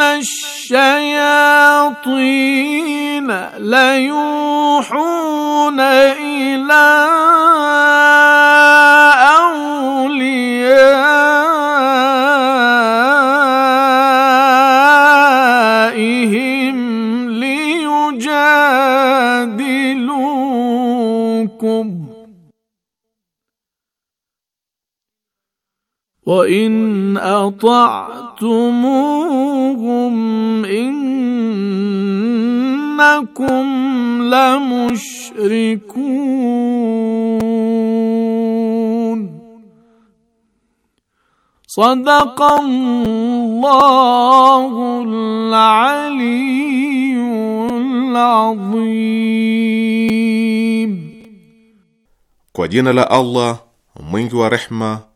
الشياطين ليوحون إلى وان اطعتموهم انكم لمشركون صدق الله العلي العظيم Kwa jina la Allah mwingi wa rehma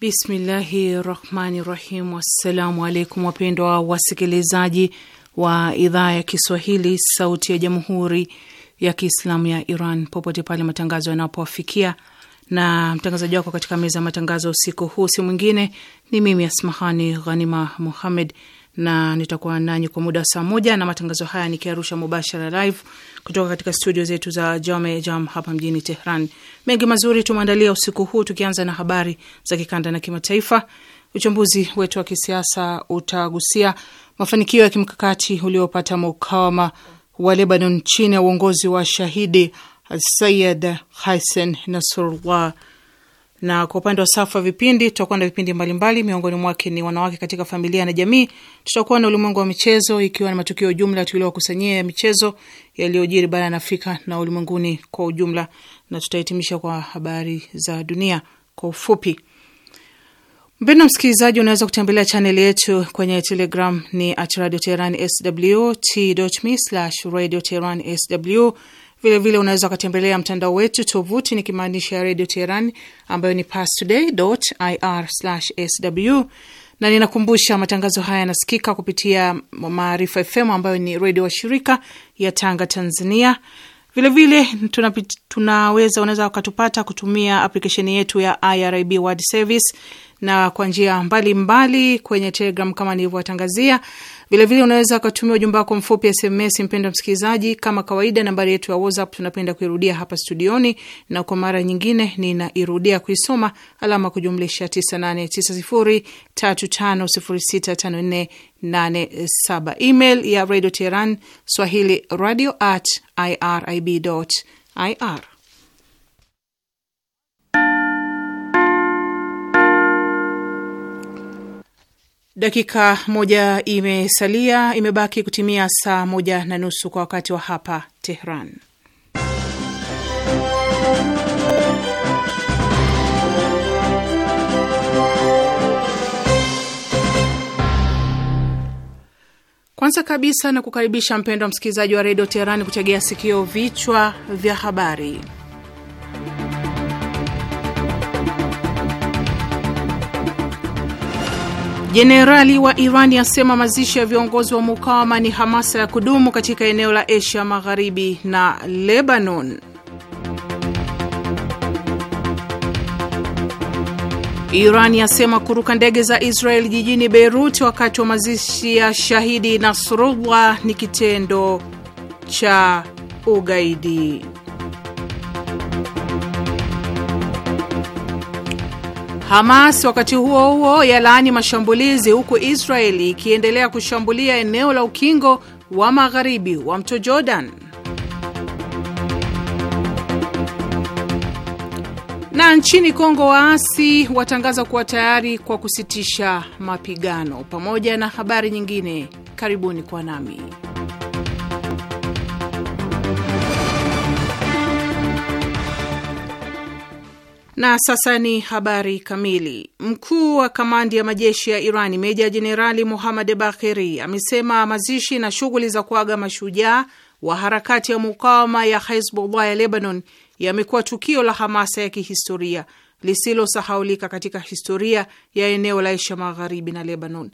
Bismillahi rahmani rahim. Wassalamu alaikum, wapendwa wasikilizaji wa idhaa ya Kiswahili sauti ya jamhuri ya Kiislamu ya Iran popote pale matangazo yanapowafikia. Na mtangazaji wako katika meza ya matangazo usiku huu si mwingine ni mimi Asmahani Ghanima Muhammed na nitakuwa nanyi kwa muda wa saa moja na matangazo haya nikiarusha mubashara live kutoka katika studio zetu za Jame Jam hapa mjini Tehran. Mengi mazuri tumeandalia usiku huu, tukianza na habari za kikanda na kimataifa. Uchambuzi wetu wa kisiasa utagusia mafanikio ya kimkakati uliopata mukawama wa Lebanon chini ya uongozi wa shahidi Sayid Hassan Nasrallah na kwa upande wa safu ya vipindi tutakuwa na vipindi mbalimbali, miongoni mwake ni wanawake katika familia na jamii. Tutakuwa na ulimwengu wa michezo, ikiwa na matukio ujumla tuliowakusanyia ya michezo yaliyojiri barani Afrika na ulimwenguni kwa ujumla, na tutahitimisha kwa habari za dunia kwa ufupi. Mpendwa msikilizaji, unaweza kutembelea chaneli yetu kwenye Telegram ni at Radio Teheran sw t.me slash Radio Teheran sw Vilevile unaweza ukatembelea mtandao wetu, tovuti ni kimaanisha ya redio Teheran ambayo ni pastoday.ir/sw. Na ninakumbusha matangazo haya yanasikika kupitia Maarifa FM ambayo ni redio wa shirika ya Tanga, Tanzania. Vilevile vile, tunaweza unaweza ukatupata kutumia aplikesheni yetu ya IRIB World Service na kwa njia mbalimbali kwenye Telegram kama nilivyowatangazia. Vilevile unaweza ukatumia ujumbe wako mfupi SMS, mpendwa msikilizaji. Kama kawaida, nambari yetu ya WhatsApp tunapenda kuirudia hapa studioni, na kwa mara nyingine ninairudia kuisoma, alama kujumlisha 9890350654 87. Email ya Radio Teheran swahili radio at irib ir. Dakika moja imesalia, imebaki kutimia saa moja na nusu kwa wakati wa hapa Tehran. Kwanza kabisa na kukaribisha mpendo wa msikilizaji wa redio Teherani kuchegea sikio vichwa vya habari. Jenerali wa Irani asema mazishi ya viongozi wa mukawama ni hamasa ya kudumu katika eneo la Asia Magharibi na Lebanon. Iran yasema kuruka ndege za Israel jijini Beirut wakati wa mazishi ya shahidi Nasrullah ni kitendo cha ugaidi. Hamas wakati huo huo yalaani mashambulizi huku Israeli ikiendelea kushambulia eneo la ukingo wa magharibi wa mto Jordan. Na nchini Kongo waasi watangaza kuwa tayari kwa kusitisha mapigano, pamoja na habari nyingine. Karibuni kwa nami na sasa ni habari kamili. Mkuu wa kamandi ya majeshi ya Irani meja jenerali Mohammad Bakheri, amesema mazishi na shughuli za kuaga mashujaa wa harakati ya mukawama ya Hezbollah ya Lebanon yamekuwa tukio la hamasa ya kihistoria lisilosahaulika katika historia ya eneo la Asia Magharibi na Lebanon.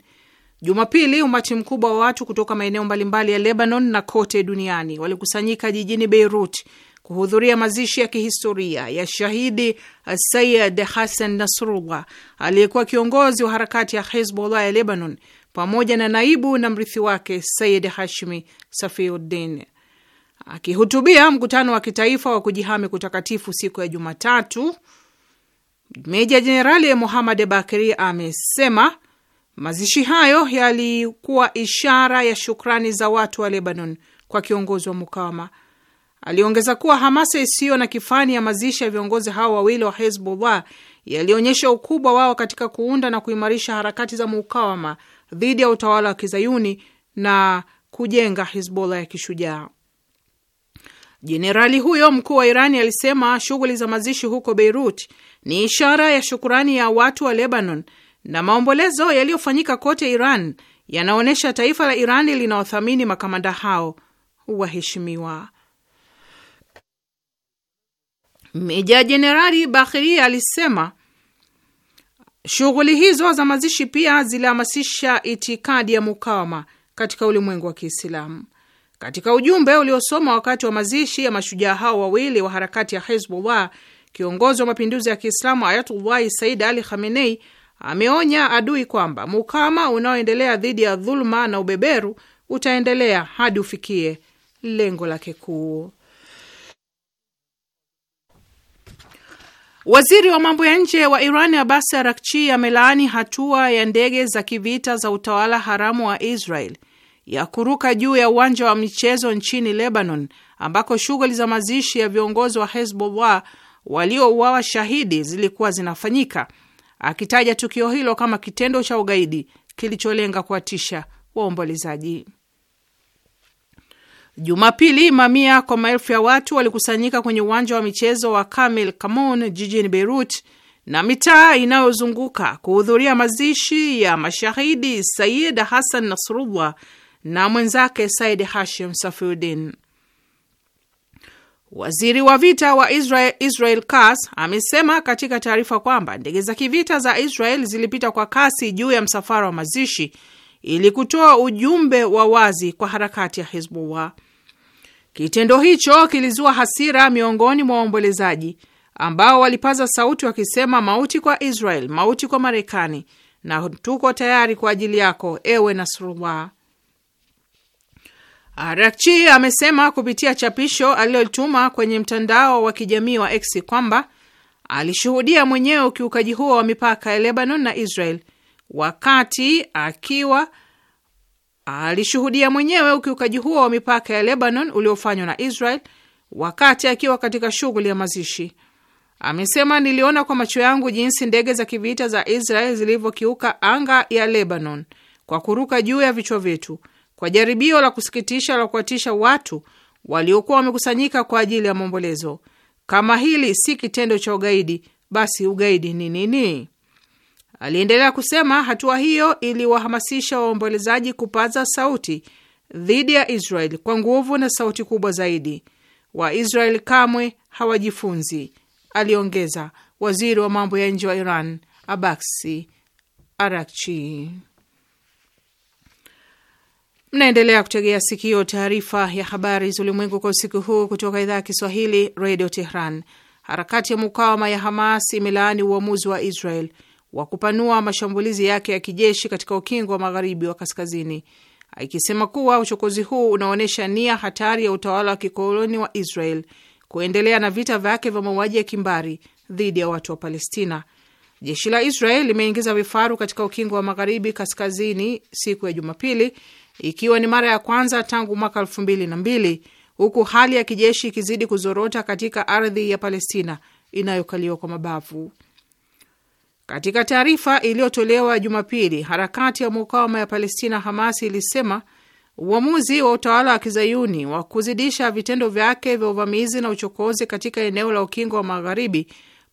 Jumapili, umati mkubwa wa watu kutoka maeneo mbalimbali ya Lebanon na kote duniani walikusanyika jijini Beirut kuhudhuria mazishi ya kihistoria ya shahidi Sayid Hassan Nasrullah aliyekuwa kiongozi wa harakati ya Hezbollah ya Lebanon pamoja na naibu na mrithi wake Sayid Hashimi Safiuddin. Akihutubia mkutano wa kitaifa wa kujihami kutakatifu siku ya Jumatatu, Meja Jenerali Muhammad Bakri amesema mazishi hayo yalikuwa ishara ya shukrani za watu wa Lebanon kwa kiongozi wa mukawama. Aliongeza kuwa hamasa isiyo na kifani ya mazishi ya viongozi hao wawili wa Hezbollah yalionyesha ukubwa wao katika kuunda na kuimarisha harakati za mukawama dhidi ya utawala wa kizayuni na kujenga Hezbollah ya kishujaa. Jenerali huyo mkuu wa Irani alisema shughuli za mazishi huko Beirut ni ishara ya shukurani ya watu wa Lebanon, na maombolezo yaliyofanyika kote Iran yanaonyesha taifa la Irani linaothamini makamanda hao waheshimiwa. Meja Jenerali Bakhiri alisema shughuli hizo za mazishi pia zilihamasisha itikadi ya mukawama katika ulimwengu wa Kiislamu. Katika ujumbe uliosoma wakati wa mazishi ya mashujaa hao wawili wa harakati ya Hezbollah, kiongozi wa mapinduzi ya Kiislamu Ayatullahi Said Ali Khamenei ameonya adui kwamba mukama unaoendelea dhidi ya dhuluma na ubeberu utaendelea hadi ufikie lengo lake kuu. Waziri wa mambo ya nje wa Iran Abbas Arakchi amelaani hatua ya ndege za kivita za utawala haramu wa Israel ya kuruka juu ya uwanja wa michezo nchini Lebanon ambako shughuli za mazishi ya viongozi wa Hezbollah waliouawa shahidi zilikuwa zinafanyika, akitaja tukio hilo kama kitendo cha ugaidi kilicholenga kuwatisha waombolezaji. Jumapili, mamia kwa maelfu ya watu walikusanyika kwenye uwanja wa michezo wa Kamel Kamoun jijini Beirut na mitaa inayozunguka kuhudhuria mazishi ya mashahidi Sayid Hassan Nasrullah na mwenzake Said Hashim Safiuddin. Waziri wa vita wa Israel, Israel Katz amesema katika taarifa kwamba ndege za kivita za Israel zilipita kwa kasi juu ya msafara wa mazishi ili kutoa ujumbe wa wazi kwa harakati ya Hezbollah. Kitendo hicho kilizua hasira miongoni mwa waombolezaji ambao walipaza sauti wakisema, mauti kwa Israel, mauti kwa Marekani, na tuko tayari kwa ajili yako, ewe Nasrullah. Arakchi ah, amesema kupitia chapisho alilotuma kwenye mtandao wa kijamii wa X kwamba alishuhudia mwenyewe ukiukaji huo wa mipaka ya Lebanon na Israel wakati akiwa alishuhudia mwenyewe ukiukaji huo wa mipaka ya Lebanon uliofanywa na Israel wakati akiwa katika shughuli ya mazishi. Amesema, niliona kwa macho yangu jinsi ndege za kivita za Israel zilivyokiuka anga ya Lebanon kwa kuruka juu ya vichwa vyetu kwa jaribio la kusikitisha la kuwatisha watu waliokuwa wamekusanyika kwa ajili ya maombolezo. Kama hili si kitendo cha ugaidi, basi ugaidi ni nini? Aliendelea kusema hatua hiyo iliwahamasisha waombolezaji kupaza sauti dhidi ya Israel kwa nguvu na sauti kubwa zaidi. Waisrael kamwe hawajifunzi, aliongeza waziri wa mambo ya nje wa Iran Abaksi Arakchi. Mnaendelea kutegea sikio taarifa ya habari za ulimwengu kwa usiku huu kutoka idhaa ya Kiswahili, Radio Tehran. Harakati ya mukawama ya Hamas imelaani uamuzi wa Israel wa kupanua mashambulizi yake ya kijeshi katika ukingo wa magharibi wa kaskazini, ikisema kuwa uchokozi huu unaonyesha nia hatari ya utawala wa kikoloni wa Israel kuendelea na vita vyake vya mauaji ya kimbari dhidi ya watu wa Palestina. Jeshi la Israel limeingiza vifaru katika ukingo wa magharibi kaskazini siku ya Jumapili ikiwa ni mara ya kwanza tangu mwaka elfu mbili na mbili huku hali ya kijeshi ikizidi kuzorota katika ardhi ya Palestina inayokaliwa kwa mabavu. Katika taarifa iliyotolewa Jumapili, harakati ya mukawama ya Palestina Hamas ilisema uamuzi wa utawala wa kizayuni wa kuzidisha vitendo vyake vya uvamizi na uchokozi katika eneo la ukingo wa magharibi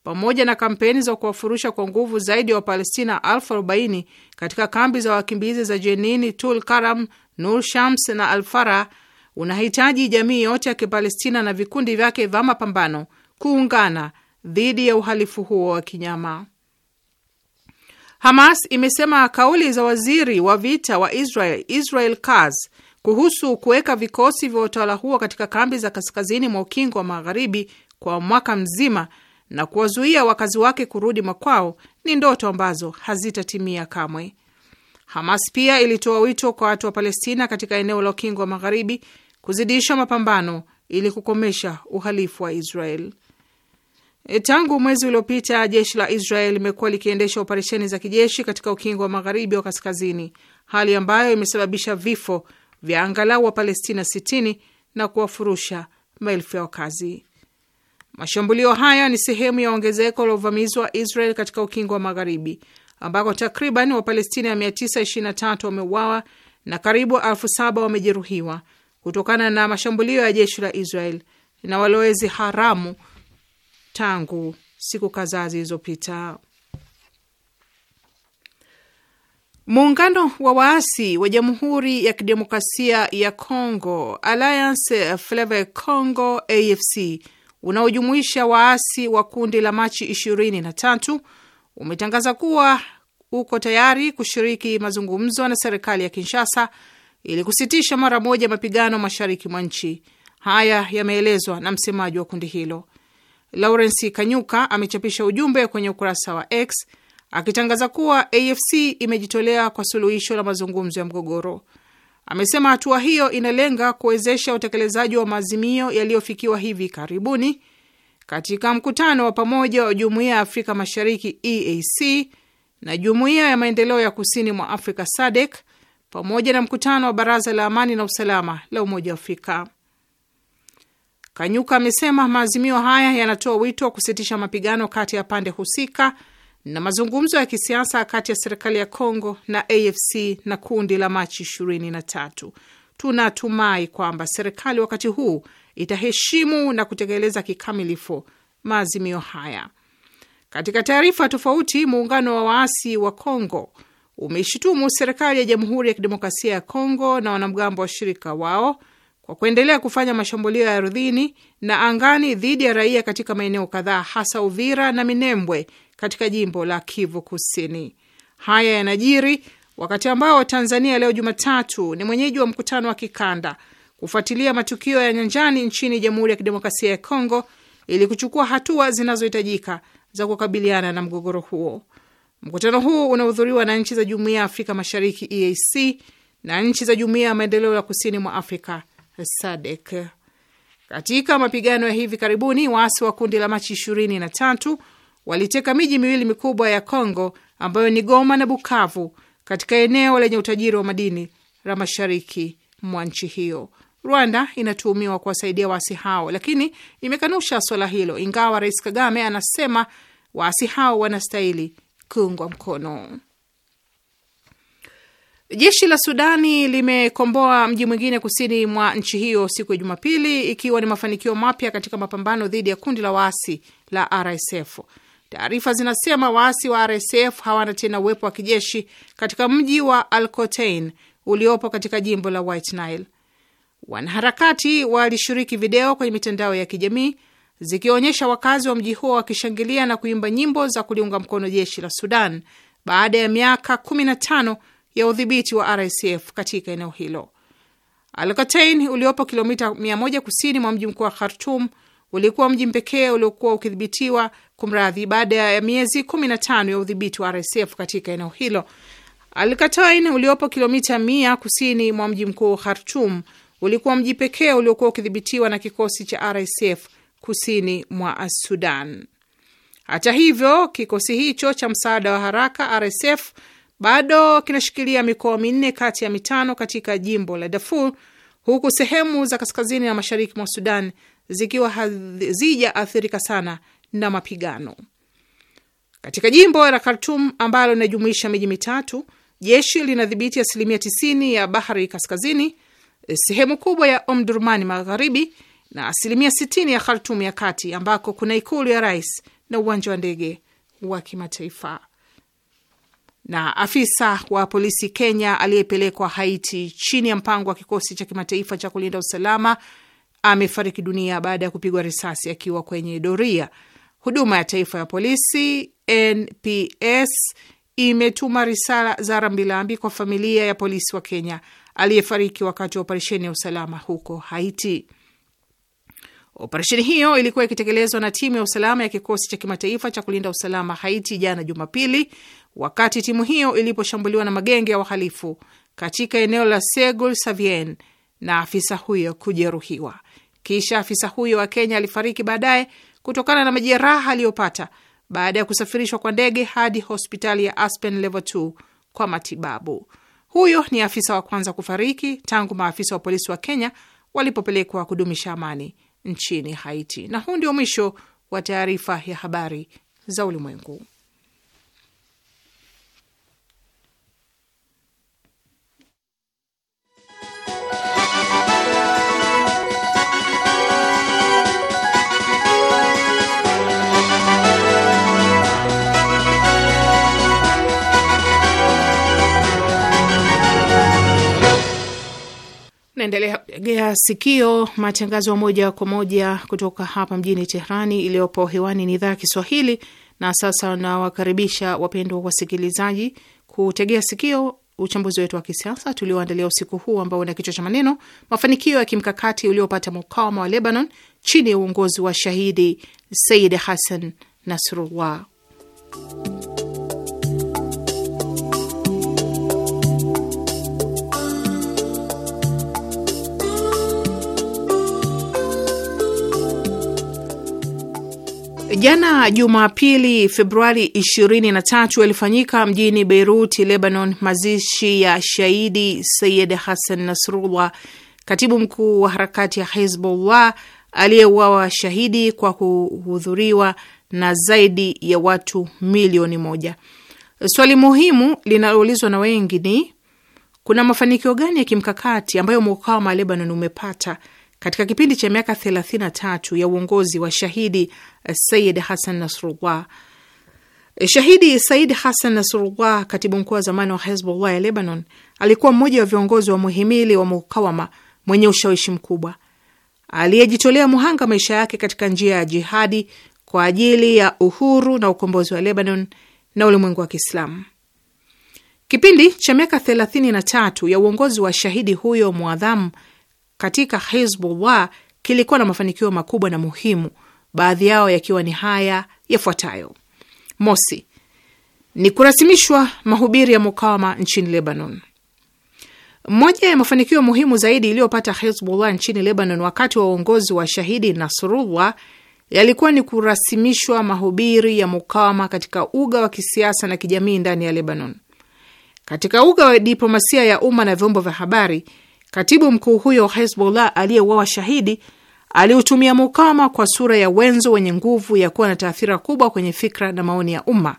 pamoja na kampeni za kuwafurusha kwa nguvu zaidi ya Wapalestina elfu arobaini katika kambi za wakimbizi za Jenini, Tul Karam, Nur Shams na Alfara, unahitaji jamii yote ya Kipalestina na vikundi vyake vya mapambano kuungana dhidi ya uhalifu huo wa kinyama. Hamas imesema kauli za waziri wa vita wa Israel Israel Katz kuhusu kuweka vikosi vya utawala huo katika kambi za kaskazini mwa ukingo wa magharibi kwa mwaka mzima na kuwazuia wakazi wake kurudi makwao ni ndoto ambazo hazitatimia kamwe. Hamas pia ilitoa wito kwa watu wa Palestina katika eneo la ukingo wa magharibi kuzidisha mapambano ili kukomesha uhalifu wa Israel. E, tangu mwezi uliopita, jeshi la Israel limekuwa likiendesha operesheni za kijeshi katika ukingo wa magharibi wa kaskazini, hali ambayo imesababisha vifo vya angalau wa palestina 60 na kuwafurusha maelfu ya wakazi. Mashambulio haya ni sehemu ya ongezeko la uvamizi wa Israel katika ukingo wa Magharibi, ambako takriban Wapalestina 923 wameuawa na karibu elfu wamejeruhiwa kutokana na mashambulio ya jeshi la Israel na walowezi haramu tangu siku kadhaa zilizopita. Muungano wa waasi wa Jamhuri ya Kidemokrasia ya Congo, Alliance Fleuve Congo AFC, unaojumuisha waasi wa kundi la Machi 23 umetangaza kuwa uko tayari kushiriki mazungumzo na serikali ya Kinshasa ili kusitisha mara moja mapigano mashariki mwa nchi. Haya yameelezwa na msemaji wa kundi hilo. Lawrence Kanyuka amechapisha ujumbe kwenye ukurasa wa X akitangaza kuwa AFC imejitolea kwa suluhisho la mazungumzo ya mgogoro. Amesema hatua hiyo inalenga kuwezesha utekelezaji wa maazimio yaliyofikiwa hivi karibuni katika mkutano wa pamoja wa Jumuiya ya Afrika Mashariki EAC na Jumuiya ya Maendeleo ya Kusini mwa Afrika SADC pamoja na mkutano wa Baraza la Amani na Usalama la Umoja wa Afrika. Kanyuka amesema maazimio haya yanatoa wito wa kusitisha mapigano kati ya pande husika na mazungumzo ya kisiasa kati ya serikali ya Kongo na AFC na kundi la Machi 23 Tunatumai kwamba serikali wakati huu itaheshimu na kutekeleza kikamilifu maazimio haya. Katika taarifa tofauti, muungano wa waasi wa Kongo umeishutumu serikali ya Jamhuri ya Kidemokrasia ya Kongo na wanamgambo washirika wao kwa kuendelea kufanya mashambulio ya ardhini na angani dhidi ya raia katika maeneo kadhaa, hasa Uvira na Minembwe katika jimbo la Kivu Kusini. Haya yanajiri wakati ambao Tanzania leo Jumatatu ni mwenyeji wa mkutano wa kikanda kufuatilia matukio ya nyanjani nchini Jamhuri ya Kidemokrasia ya Kongo ili kuchukua hatua zinazohitajika za kukabiliana na mgogoro huo. Mkutano huu unahudhuriwa na nchi za Jumuiya ya Afrika Mashariki EAC na nchi za Jumuiya ya Maendeleo ya Kusini mwa Afrika SADC. E katika mapigano ya hivi karibuni, waasi wa kundi la Machi tatu waliteka miji miwili mikubwa ya Kongo ambayo ni Goma na Bukavu katika eneo lenye utajiri wa madini la mashariki mwa nchi hiyo. Rwanda inatuhumiwa kuwasaidia waasi hao, lakini imekanusha swala hilo, ingawa Rais Kagame anasema waasi hao wanastahili kuungwa mkono. Jeshi la Sudani limekomboa mji mwingine kusini mwa nchi hiyo siku ya Jumapili, ikiwa ni mafanikio mapya katika mapambano dhidi ya kundi la waasi la RSF. Taarifa zinasema waasi wa RSF hawana tena uwepo wa kijeshi katika mji wa Alcotain uliopo katika jimbo la White Nile. Wanaharakati walishiriki video kwenye mitandao ya kijamii zikionyesha wakazi wa mji huo wakishangilia na kuimba nyimbo za kuliunga mkono jeshi la Sudan baada ya miaka 15 ya udhibiti wa RSF katika eneo hilo. Alkatain uliopo kilomita 100 kusini mwa mji mkuu wa Khartum ulikuwa mji pekee uliokuwa ukidhibitiwa kumradhi, baada ya miezi 15 ya udhibiti wa RSF katika eneo hilo. Alkatain uliopo kilomita mia kusini mwa mji mkuu Khartum ulikuwa mji pekee uliokuwa ukidhibitiwa na kikosi cha RSF kusini mwa Sudan. Hata hivyo, kikosi hicho cha msaada wa haraka RSF bado kinashikilia mikoa minne kati ya mitano katika jimbo la Darfur, huku sehemu za kaskazini na mashariki mwa Sudan zikiwa hazijaathirika sana na mapigano. Katika jimbo la Khartum ambalo linajumuisha miji mitatu, jeshi linadhibiti asilimia 90 ya Bahari Kaskazini, sehemu kubwa ya Omdurmani Magharibi na asilimia 60 ya Khartum ya Kati, ambako kuna ikulu ya rais na uwanja wa ndege wa kimataifa. Na afisa wa polisi Kenya aliyepelekwa Haiti chini ya mpango wa kikosi cha kimataifa cha kulinda usalama amefariki dunia baada ya kupigwa risasi akiwa kwenye doria Huduma ya Taifa ya Polisi NPS imetuma risala za rambirambi kwa familia ya polisi wa Kenya aliyefariki wakati wa operesheni ya usalama huko Haiti. Operesheni hiyo ilikuwa ikitekelezwa na timu ya usalama ya kikosi cha kimataifa cha kulinda usalama Haiti jana Jumapili, wakati timu hiyo iliposhambuliwa na magenge ya wahalifu katika eneo la Segul Savien na afisa huyo kujeruhiwa. Kisha afisa huyo wa Kenya alifariki baadaye kutokana na majeraha aliyopata baada ya kusafirishwa kwa ndege hadi hospitali ya Aspen Level 2 kwa matibabu. Huyo ni afisa wa kwanza kufariki tangu maafisa wa polisi wa Kenya walipopelekwa kudumisha amani nchini Haiti. Na huu ndio mwisho wa taarifa ya habari za ulimwengu. Naendelea kutegea sikio matangazo ya moja kwa moja kutoka hapa mjini Tehrani. Iliyopo hewani ni idhaa ya Kiswahili, na sasa nawakaribisha wapendwa wasikilizaji kutegea sikio uchambuzi wetu wa kisiasa tulioandalia usiku huu ambao una kichwa cha maneno mafanikio ya kimkakati uliopata mukawama wa Lebanon chini ya uongozi wa shahidi Said Hassan Nasrullah. Jana Jumapili, Februari 23 yalifanyika mjini Beirut, Lebanon, mazishi ya shahidi Sayid Hassan Nasrullah, katibu mkuu wa harakati ya Hizbullah aliyeuawa shahidi kwa kuhudhuriwa na zaidi ya watu milioni moja. Swali muhimu linaloulizwa na wengi ni kuna mafanikio gani ya kimkakati ambayo mukawama Lebanon umepata katika kipindi cha miaka 33 ya uongozi wa shahidi eh, Sayid Hassan Nasrullah. Eh, shahidi Said Hassan Nasrullah, katibu mkuu wa zamani wa Hezbollah ya Lebanon, alikuwa mmoja wa viongozi wa muhimili wa mukawama mwenye ushawishi mkubwa aliyejitolea muhanga maisha yake katika njia ya jihadi kwa ajili ya uhuru na ukombozi wa Lebanon na ulimwengu wa Kiislamu. Kipindi cha miaka 33 ya uongozi wa shahidi huyo mwadhamu katika Hizbullah kilikuwa na mafanikio makubwa na muhimu, baadhi yao yakiwa ni haya yafuatayo: mosi, ni kurasimishwa mahubiri ya mukawama nchini Lebanon. Moja ya mafanikio muhimu zaidi iliyopata Hizbullah nchini Lebanon wakati wa uongozi wa shahidi Nasrullah yalikuwa ni kurasimishwa mahubiri ya mukawama katika uga wa kisiasa na kijamii ndani ya Lebanon. Katika uga wa diplomasia ya umma na vyombo vya habari Katibu mkuu huyo Hezbollah aliyeuawa shahidi aliutumia mukama kwa sura ya wenzo wenye nguvu ya kuwa na taathira kubwa kwenye fikra na maoni ya umma.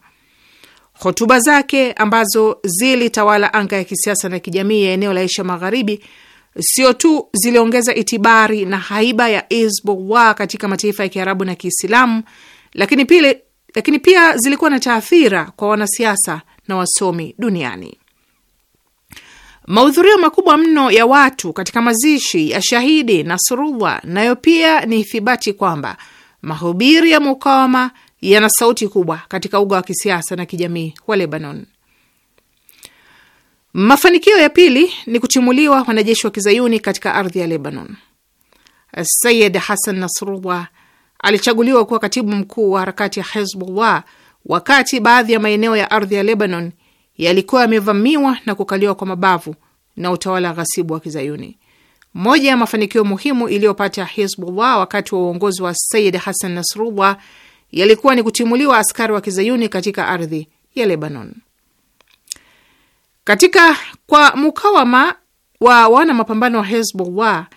Hotuba zake ambazo zilitawala anga ya kisiasa na kijamii ya eneo la Asia Magharibi sio tu ziliongeza itibari na haiba ya Hezbollah katika mataifa ya Kiarabu na Kiislamu, lakini, lakini pia zilikuwa na taathira kwa wanasiasa na wasomi duniani. Mahudhurio makubwa mno ya watu katika mazishi ya shahidi Nasrullah nayo pia ni ithibati kwamba mahubiri ya mukawama yana sauti kubwa katika uga wa kisiasa na kijamii wa Lebanon. Mafanikio ya pili ni kuchimuliwa wanajeshi wa kizayuni katika ardhi ya Lebanon. Sayid Hasan Nasrullah alichaguliwa kuwa katibu mkuu wa harakati ya Hezbullah wakati baadhi ya maeneo ya ardhi ya Lebanon yalikuwa yamevamiwa na kukaliwa kwa mabavu na utawala ghasibu wa Kizayuni. Moja ya mafanikio muhimu iliyopata Hizbullah wakati wa uongozi wa Sayid Hassan Nasrullah yalikuwa ni kutimuliwa askari wa Kizayuni katika ardhi ya Lebanon. Katika kwa mukawama wa wana mapambano wa Hezbollah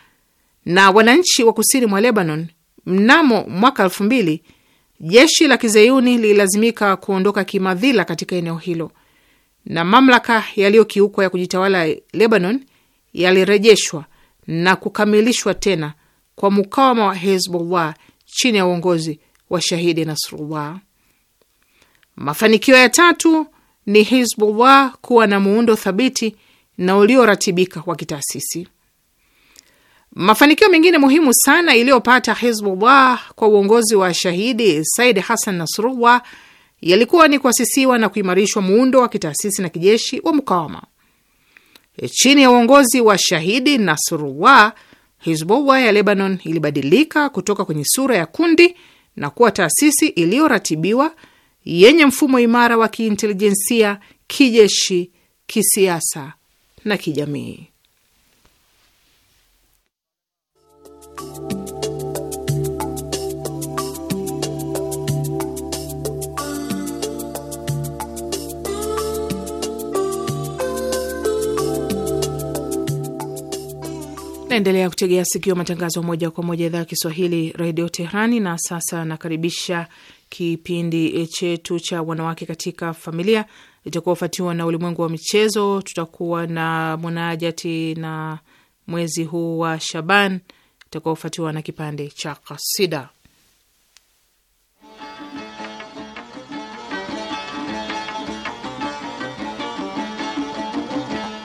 na wananchi wa kusini mwa Lebanon, mnamo mwaka elfu mbili jeshi la Kizayuni lililazimika kuondoka kimadhila katika eneo hilo na mamlaka yaliyokiukwa ya kujitawala Lebanon yalirejeshwa na kukamilishwa tena kwa mukawama wa Hezbollah chini ya uongozi wa shahidi Nasrullah. Mafanikio ya tatu ni Hizbullah kuwa na muundo thabiti na ulioratibika wa kitaasisi. Mafanikio mengine muhimu sana iliyopata Hizbullah kwa uongozi wa shahidi Said Hassan Nasrullah yalikuwa ni kuasisiwa na kuimarishwa muundo wa kitaasisi na kijeshi wa mukawama e, chini ya uongozi wa shahidi Nasrullah. Hizbullah ya Lebanon ilibadilika kutoka kwenye sura ya kundi na kuwa taasisi iliyoratibiwa yenye mfumo imara wa kiintelijensia, kijeshi, kisiasa na kijamii. Naendelea kutegea sikio matangazo moja kwa moja idhaa ya Kiswahili redio Tehrani. Na sasa nakaribisha kipindi chetu cha wanawake katika familia, itakuwafuatiwa na ulimwengu wa michezo. Tutakuwa na mwanajati na mwezi huu wa Shaban, itakuwafuatiwa na kipande cha kasida.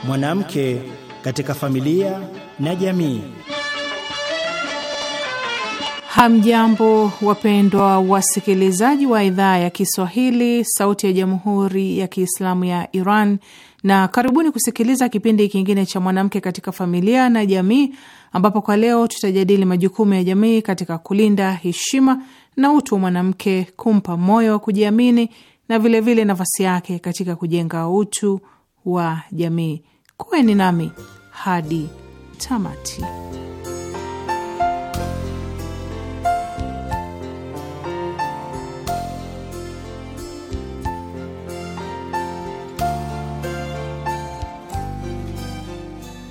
Mwanamke katika familia na jamii. Hamjambo, wapendwa wasikilizaji wa idhaa ya Kiswahili, Sauti ya Jamhuri ya Kiislamu ya Iran, na karibuni kusikiliza kipindi kingine cha Mwanamke katika Familia na Jamii, ambapo kwa leo tutajadili majukumu ya jamii katika kulinda heshima na utu wa mwanamke, kumpa moyo wa kujiamini na vilevile nafasi yake katika kujenga utu wa jamii. Kuweni nami hadi tamati.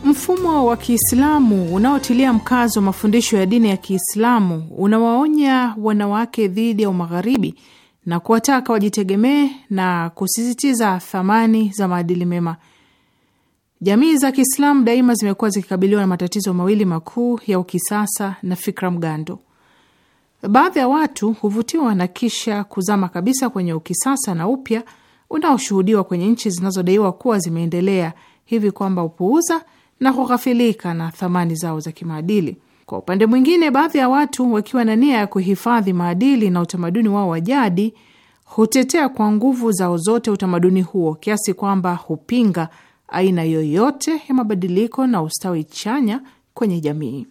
Mfumo wa Kiislamu unaotilia mkazo wa mafundisho ya dini ya Kiislamu unawaonya wanawake dhidi ya umagharibi na kuwataka wajitegemee na kusisitiza thamani za maadili mema. Jamii za Kiislamu daima zimekuwa zikikabiliwa na matatizo mawili makuu ya ukisasa na fikra mgando. Baadhi ya watu huvutiwa na kisha kuzama kabisa kwenye ukisasa na upya unaoshuhudiwa kwenye nchi zinazodaiwa kuwa zimeendelea hivi kwamba upuuza na kughafilika na thamani zao za kimaadili. Kwa upande mwingine, baadhi ya watu wakiwa na nia ya kuhifadhi maadili na utamaduni wao wa jadi hutetea kwa nguvu zao zote utamaduni huo kiasi kwamba hupinga aina yoyote ya mabadiliko na ustawi chanya kwenye jamii.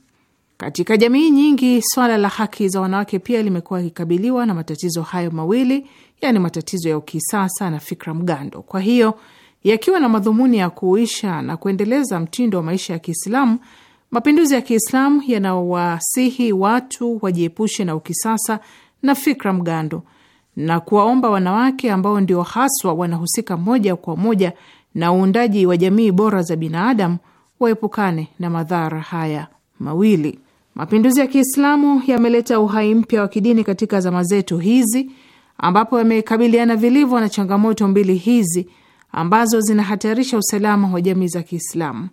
Katika jamii nyingi, swala la haki za wanawake pia limekuwa likikabiliwa na matatizo hayo mawili, yaani matatizo ya ukisasa na fikra mgando. Kwa hiyo yakiwa na madhumuni ya kuisha na kuendeleza mtindo wa maisha ya Kiislamu, mapinduzi ya Kiislamu yanawasihi watu wajiepushe na ukisasa na fikra mgando na kuwaomba wanawake ambao ndio haswa wanahusika moja kwa moja na uundaji wa jamii bora za binadamu waepukane na madhara haya mawili. Mapinduzi ya Kiislamu yameleta uhai mpya wa kidini katika zama zetu hizi, ambapo yamekabiliana vilivyo na changamoto mbili hizi ambazo zinahatarisha usalama wa jamii za Kiislamu.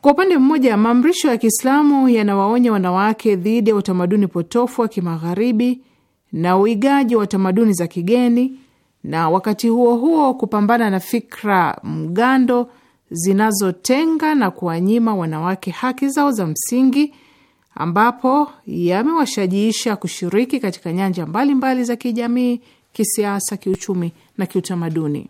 Kwa upande mmoja, maamrisho ya Kiislamu yanawaonya wanawake dhidi ya utamaduni potofu wa Kimagharibi na uigaji wa tamaduni za kigeni na wakati huo huo kupambana na fikra mgando zinazotenga na kuwanyima wanawake haki zao za msingi, ambapo yamewashajiisha kushiriki katika nyanja mbalimbali mbali za kijamii, kisiasa, kiuchumi na kiutamaduni.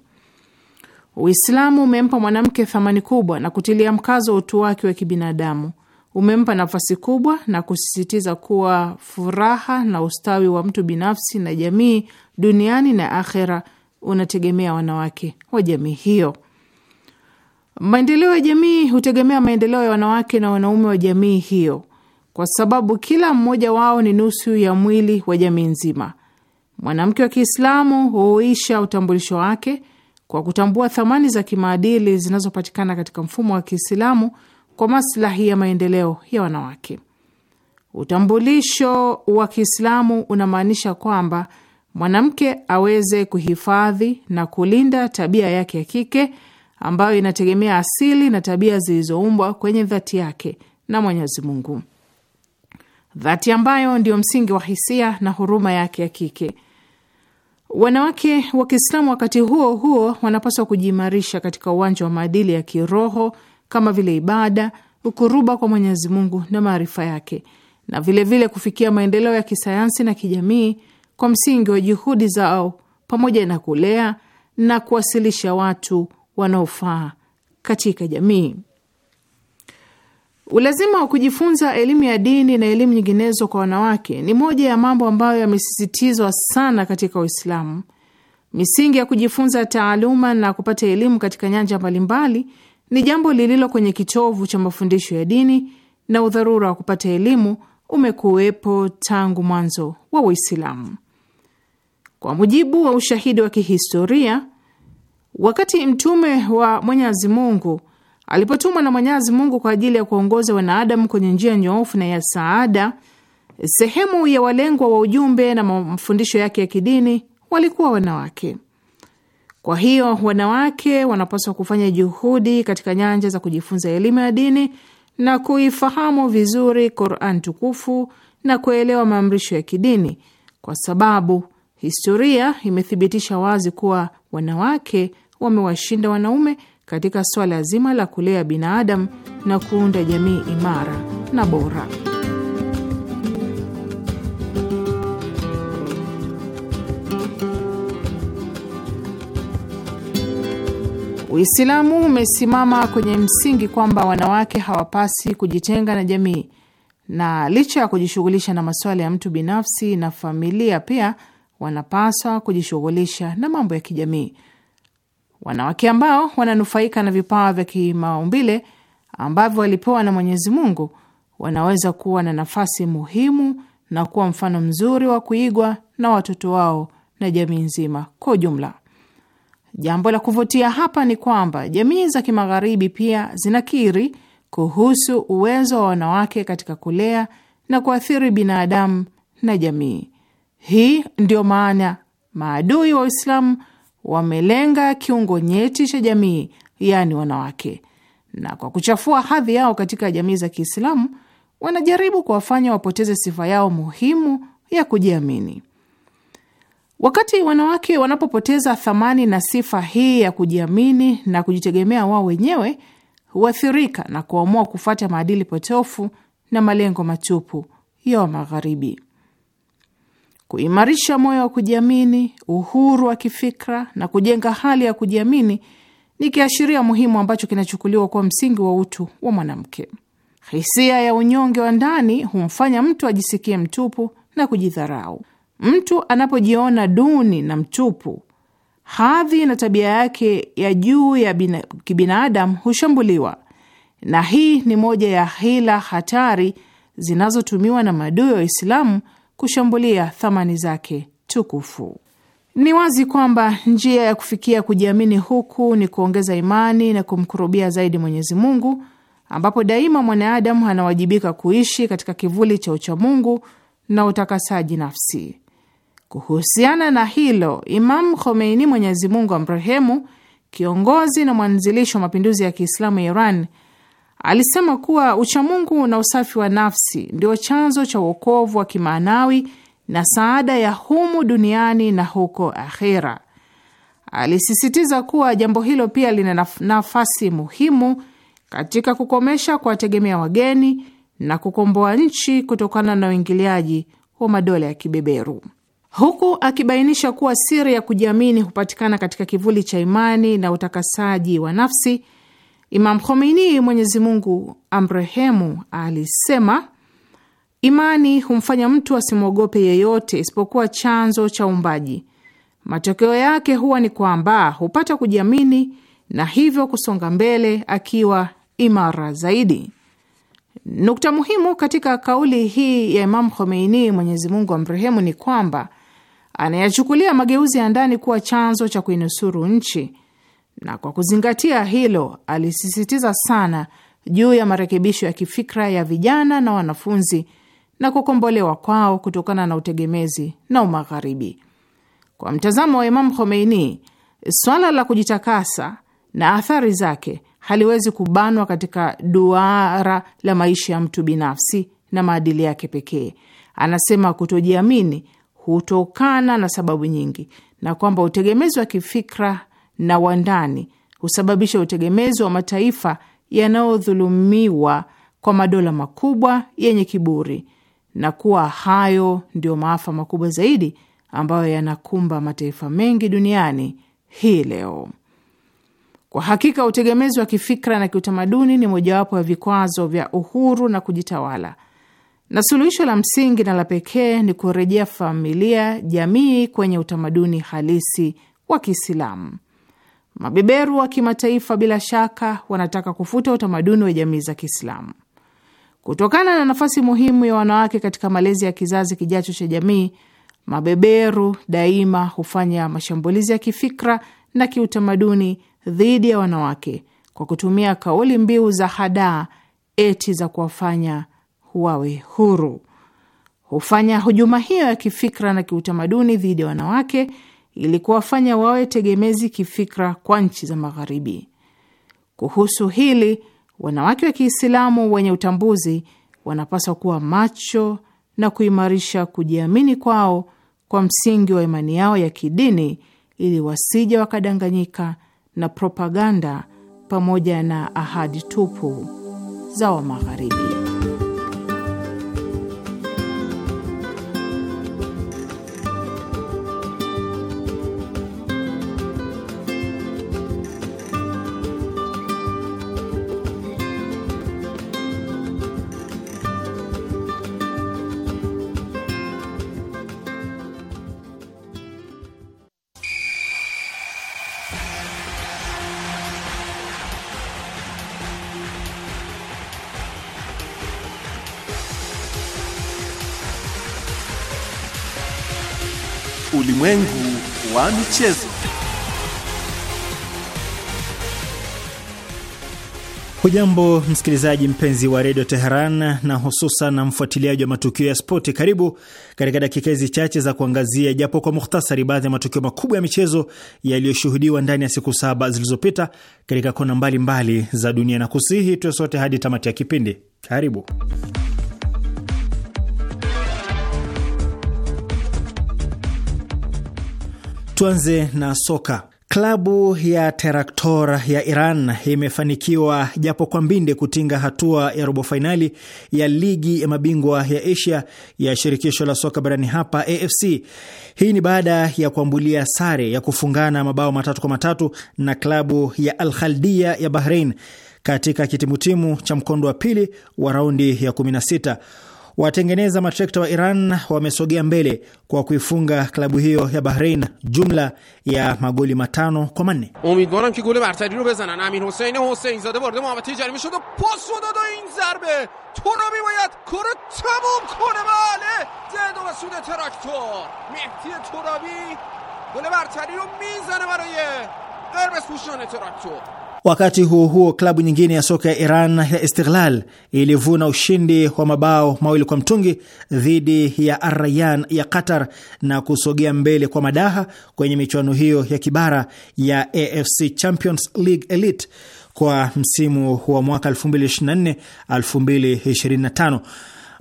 Uislamu umempa mwanamke thamani kubwa na kutilia mkazo utu wake wa kibinadamu umempa nafasi kubwa na kusisitiza kuwa furaha na ustawi wa mtu binafsi na jamii duniani na akhera unategemea wanawake wa jamii hiyo. Maendeleo ya jamii hutegemea maendeleo ya wanawake na wanaume wa jamii hiyo, kwa sababu kila mmoja wao ni nusu ya mwili wa jamii nzima. Mwanamke wa Kiislamu huisha utambulisho wake kwa kutambua thamani za kimaadili zinazopatikana katika mfumo wa Kiislamu kwa maslahi ya maendeleo ya wanawake. Utambulisho wa Kiislamu unamaanisha kwamba mwanamke aweze kuhifadhi na kulinda tabia yake ya kike ambayo inategemea asili na tabia zilizoumbwa kwenye dhati yake na Mwenyezi Mungu, dhati ambayo ndiyo msingi wa hisia na huruma yake ya kike. Wanawake wa Kiislamu wakati huo huo wanapaswa kujiimarisha katika uwanja wa maadili ya kiroho kama vile ibada, ukuruba kwa Mwenyezi Mungu na maarifa yake, na vilevile vile kufikia maendeleo ya kisayansi na kijamii kwa msingi wa juhudi zao pamoja na kulea na kuwasilisha watu wanaofaa katika jamii. Ulazima wa kujifunza elimu ya dini na elimu nyinginezo kwa wanawake ni moja ya mambo ambayo yamesisitizwa sana katika Uislamu. Misingi ya kujifunza taaluma na kupata elimu katika nyanja mbalimbali ni jambo lililo kwenye kitovu cha mafundisho ya dini na udharura wa kupata elimu umekuwepo tangu mwanzo wa Uislamu. Kwa mujibu wa ushahidi wa kihistoria, wakati mtume wa Mwenyezi Mungu alipotumwa na Mwenyezi Mungu kwa ajili ya kuongoza wanadamu kwenye njia nyoofu na ya saada, sehemu ya walengwa wa ujumbe na mafundisho yake ya kidini walikuwa wanawake. Kwa hiyo wanawake wanapaswa kufanya juhudi katika nyanja za kujifunza elimu ya dini na kuifahamu vizuri Quran tukufu na kuelewa maamrisho ya kidini, kwa sababu historia imethibitisha wazi kuwa wanawake wamewashinda wanaume katika swala zima la kulea binadamu na kuunda jamii imara na bora. Uislamu umesimama kwenye msingi kwamba wanawake hawapasi kujitenga na jamii, na licha ya kujishughulisha na masuala ya mtu binafsi na familia, pia wanapaswa kujishughulisha na mambo ya kijamii. Wanawake ambao wananufaika na vipawa vya kimaumbile ambavyo walipewa na Mwenyezi Mungu wanaweza kuwa na nafasi muhimu na kuwa mfano mzuri wa kuigwa na watoto wao na jamii nzima kwa ujumla. Jambo la kuvutia hapa ni kwamba jamii za kimagharibi pia zinakiri kuhusu uwezo wa wanawake katika kulea na kuathiri binadamu na jamii. Hii ndiyo maana maadui wa Uislamu wamelenga kiungo nyeti cha jamii, yaani wanawake, na kwa kuchafua hadhi yao katika jamii za Kiislamu wanajaribu kuwafanya wapoteze sifa yao muhimu ya kujiamini. Wakati wanawake wanapopoteza thamani na sifa hii ya kujiamini na kujitegemea wao wenyewe, huathirika na kuamua kufuata maadili potofu na malengo matupu ya Magharibi. Kuimarisha moyo wa kujiamini, uhuru wa kifikra na kujenga hali ya kujiamini ni kiashiria muhimu ambacho kinachukuliwa kuwa msingi wa utu wa mwanamke. Hisia ya unyonge wa ndani humfanya mtu ajisikie mtupu na kujidharau. Mtu anapojiona duni na mtupu, hadhi na tabia yake ya juu ya kibinadamu hushambuliwa, na hii ni moja ya hila hatari zinazotumiwa na maadui wa Uislamu kushambulia thamani zake tukufu. Ni wazi kwamba njia ya kufikia kujiamini huku ni kuongeza imani na kumkurubia zaidi Mwenyezi Mungu, ambapo daima mwanadamu anawajibika kuishi katika kivuli cha uchamungu na utakasaji nafsi. Kuhusiana na hilo, Imam Khomeini, Mwenyezi Mungu amrehemu, kiongozi na mwanzilishi wa mapinduzi ya Kiislamu ya Iran, alisema kuwa uchamungu na usafi wa nafsi ndio chanzo cha uokovu wa kimaanawi na saada ya humu duniani na huko akhera. Alisisitiza kuwa jambo hilo pia lina nafasi muhimu katika kukomesha kuwategemea wageni na kukomboa nchi kutokana na uingiliaji wa madola ya kibeberu huku akibainisha kuwa siri ya kujiamini hupatikana katika kivuli cha imani na utakasaji wa nafsi. Imam Khomeini, Mwenyezi Mungu amrehemu, alisema imani humfanya mtu asimwogope yeyote isipokuwa chanzo cha uumbaji. Matokeo yake huwa ni kwamba hupata kujiamini na hivyo kusonga mbele akiwa imara zaidi. Nukta muhimu katika kauli hii ya Imam Khomeini, Mwenyezi Mungu amrehemu, ni kwamba anayachukulia mageuzi ya ndani kuwa chanzo cha kuinusuru nchi, na kwa kuzingatia hilo alisisitiza sana juu ya marekebisho ya kifikra ya vijana na wanafunzi na kukombolewa kwao kutokana na utegemezi na umagharibi. Kwa mtazamo wa Imam Khomeini, swala la kujitakasa na athari zake haliwezi kubanwa katika duara la maisha ya mtu binafsi na maadili yake pekee. Anasema kutojiamini hutokana na sababu nyingi, na kwamba utegemezi wa kifikra na wa ndani husababisha utegemezi wa mataifa yanayodhulumiwa kwa madola makubwa yenye kiburi, na kuwa hayo ndiyo maafa makubwa zaidi ambayo yanakumba mataifa mengi duniani hii leo. Kwa hakika utegemezi wa kifikra na kiutamaduni ni mojawapo ya vikwazo vya uhuru na kujitawala na suluhisho la msingi na la pekee ni kurejea familia, jamii kwenye utamaduni halisi wa Kiislamu. Mabeberu wa kimataifa bila shaka wanataka kufuta utamaduni wa jamii za Kiislamu. Kutokana na nafasi muhimu ya wanawake katika malezi ya kizazi kijacho cha jamii, mabeberu daima hufanya mashambulizi ya kifikra na kiutamaduni dhidi ya wanawake kwa kutumia kauli mbiu za hadaa eti za kuwafanya wawe huru. Hufanya hujuma hiyo ya kifikra na kiutamaduni dhidi ya wanawake ili kuwafanya wawe tegemezi kifikra kwa nchi za Magharibi. Kuhusu hili, wanawake wa Kiislamu wenye utambuzi wanapaswa kuwa macho na kuimarisha kujiamini kwao kwa msingi wa imani yao ya kidini ili wasije wakadanganyika na propaganda pamoja na ahadi tupu za wa Magharibi. Ulimwengu wa michezo. Hujambo msikilizaji mpenzi wa redio Teheran na hususan na mfuatiliaji wa matukio ya spoti. Karibu katika dakika hizi chache za kuangazia japo kwa muhtasari baadhi ya matukio makubwa ya michezo yaliyoshuhudiwa ndani ya siku saba zilizopita katika kona mbalimbali mbali za dunia, na kusihi tuwe sote hadi tamati ya kipindi. Karibu. Tuanze na soka. Klabu ya Teraktor ya Iran imefanikiwa japo kwa mbinde kutinga hatua ya robo fainali ya ligi ya mabingwa ya Asia ya shirikisho la soka barani hapa AFC. Hii ni baada ya kuambulia sare ya kufungana mabao matatu kwa matatu na klabu ya Al Khaldia ya Bahrain katika kitimutimu cha mkondo wa pili wa raundi ya 16. Watengeneza matrekta wa Iran wamesogea mbele kwa kuifunga klabu hiyo ya Bahrein jumla ya magoli matano kwa manne. Umidwaram ki gole bartari ro bezanan amin husein husein zade varde muhammati jarime shode pas dada in zarbe to ro mibayad kore tamom kone bale zedo va sude traktor mehdi torabi gole bartari ro mizane baraye قرمز pushane traktor Wakati huo huo, klabu nyingine ya soka ya Iran ya Istiglal ilivuna ushindi wa mabao mawili kwa mtungi dhidi ya Arrayan ya Qatar na kusogea mbele kwa madaha kwenye michuano hiyo ya kibara ya AFC Champions League Elite kwa msimu wa mwaka 2024 2025.